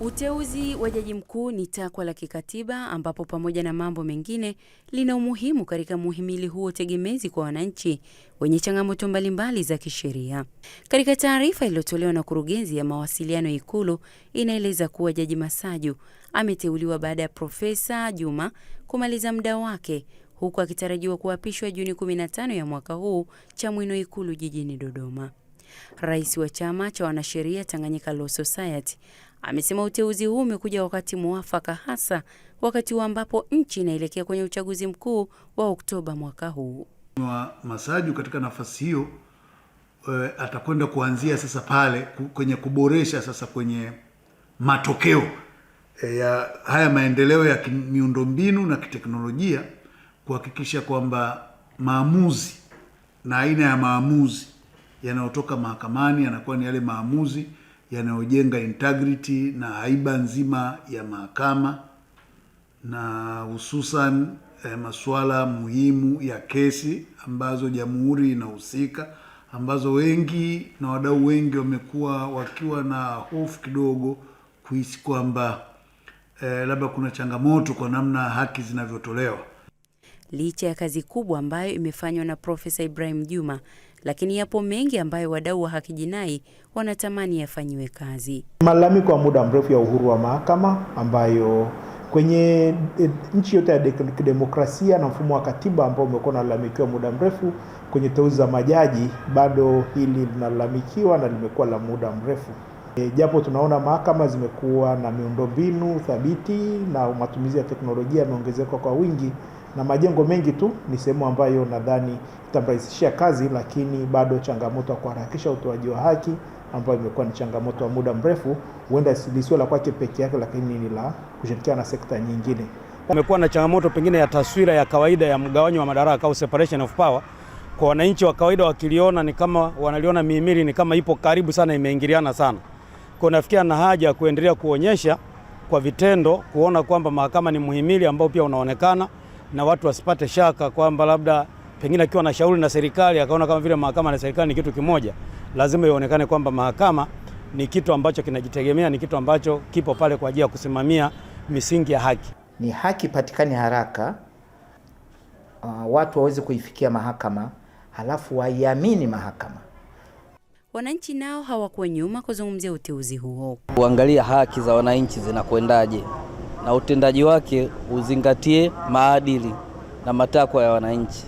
Uteuzi wa jaji mkuu ni takwa la kikatiba ambapo pamoja na mambo mengine lina umuhimu katika muhimili huo tegemezi kwa wananchi wenye changamoto mbalimbali za kisheria. Katika taarifa iliyotolewa na Kurugenzi ya Mawasiliano Ikulu, inaeleza kuwa Jaji Masaju ameteuliwa baada ya Profesa Juma kumaliza muda wake huku akitarajiwa kuapishwa Juni 15 ya mwaka huu Chamwino Ikulu jijini Dodoma. Rais wa chama cha wanasheria Tanganyika Law Society Amesema uteuzi huu umekuja wakati mwafaka, hasa wakati huu ambapo nchi inaelekea kwenye uchaguzi mkuu wa Oktoba mwaka huu. Mheshimiwa Masaju katika nafasi hiyo e, atakwenda kuanzia sasa pale kwenye kuboresha sasa kwenye matokeo e, ya haya maendeleo ya miundombinu na kiteknolojia kuhakikisha kwamba maamuzi na aina ya maamuzi yanayotoka mahakamani yanakuwa ni yale maamuzi yanayojenga integrity na haiba nzima ya mahakama na hususan eh, masuala muhimu ya kesi ambazo jamhuri inahusika, ambazo wengi na wadau wengi wamekuwa wakiwa na hofu kidogo kuhisi kwamba eh, labda kuna changamoto kwa namna haki zinavyotolewa. Licha ya kazi kubwa ambayo imefanywa na Profesa Ibrahim Juma lakini yapo mengi ambayo wadau wa haki jinai wanatamani yafanyiwe kazi. Malalamiko ya muda mrefu ya uhuru wa mahakama ambayo kwenye eh, nchi yote ya kidemokrasia na mfumo wa katiba ambao umekuwa unalalamikiwa muda mrefu kwenye teuzi za majaji, bado hili linalalamikiwa na limekuwa la muda mrefu. E, japo tunaona mahakama zimekuwa na miundombinu thabiti na matumizi ya teknolojia yameongezekwa kwa wingi, na majengo mengi tu ni sehemu ambayo nadhani itamrahisishia kazi, lakini bado changamoto ya kuharakisha utoaji wa haki ambayo imekuwa ni changamoto ya muda mrefu, huenda lisio la kwake peke yake, lakini ni la kushirikiana na sekta nyingine. Kumekuwa na changamoto pengine ya taswira ya kawaida ya mgawanyo wa madaraka au separation of power kwa wananchi wa kawaida, wakiliona ni kama wanaliona mihimili ni kama ipo karibu sana, imeingiliana sana. Kwa nafikia na haja ya kuendelea kuonyesha kwa vitendo, kuona kwamba mahakama ni muhimili ambao pia unaonekana na watu wasipate shaka kwamba labda pengine akiwa na shauri na serikali akaona kama vile mahakama na serikali ni kitu kimoja. Lazima ionekane kwamba mahakama ni kitu ambacho kinajitegemea, ni kitu ambacho kipo pale kwa ajili ya kusimamia misingi ya haki. Ni haki patikane haraka, uh, watu waweze kuifikia mahakama halafu waiamini mahakama. Wananchi nao hawakuwa nyuma kuzungumzia uteuzi huo, kuangalia haki za wananchi zinakwendaje na utendaji wake uzingatie maadili na matakwa ya wananchi.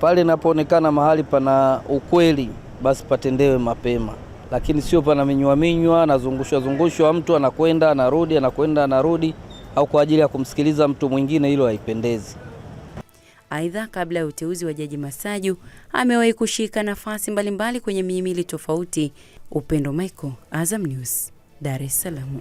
Pale inapoonekana mahali pana ukweli, basi patendewe mapema, lakini sio pana minywa minywa, anazungushwa zungushwa, mtu anakwenda anarudi, anakwenda anarudi, au kwa ajili ya kumsikiliza mtu mwingine, hilo haipendezi. Aidha, kabla ya uteuzi wa Jaji Masaju amewahi kushika nafasi mbalimbali kwenye mihimili tofauti. Upendo Michael, Azam News, Dar es Salaam.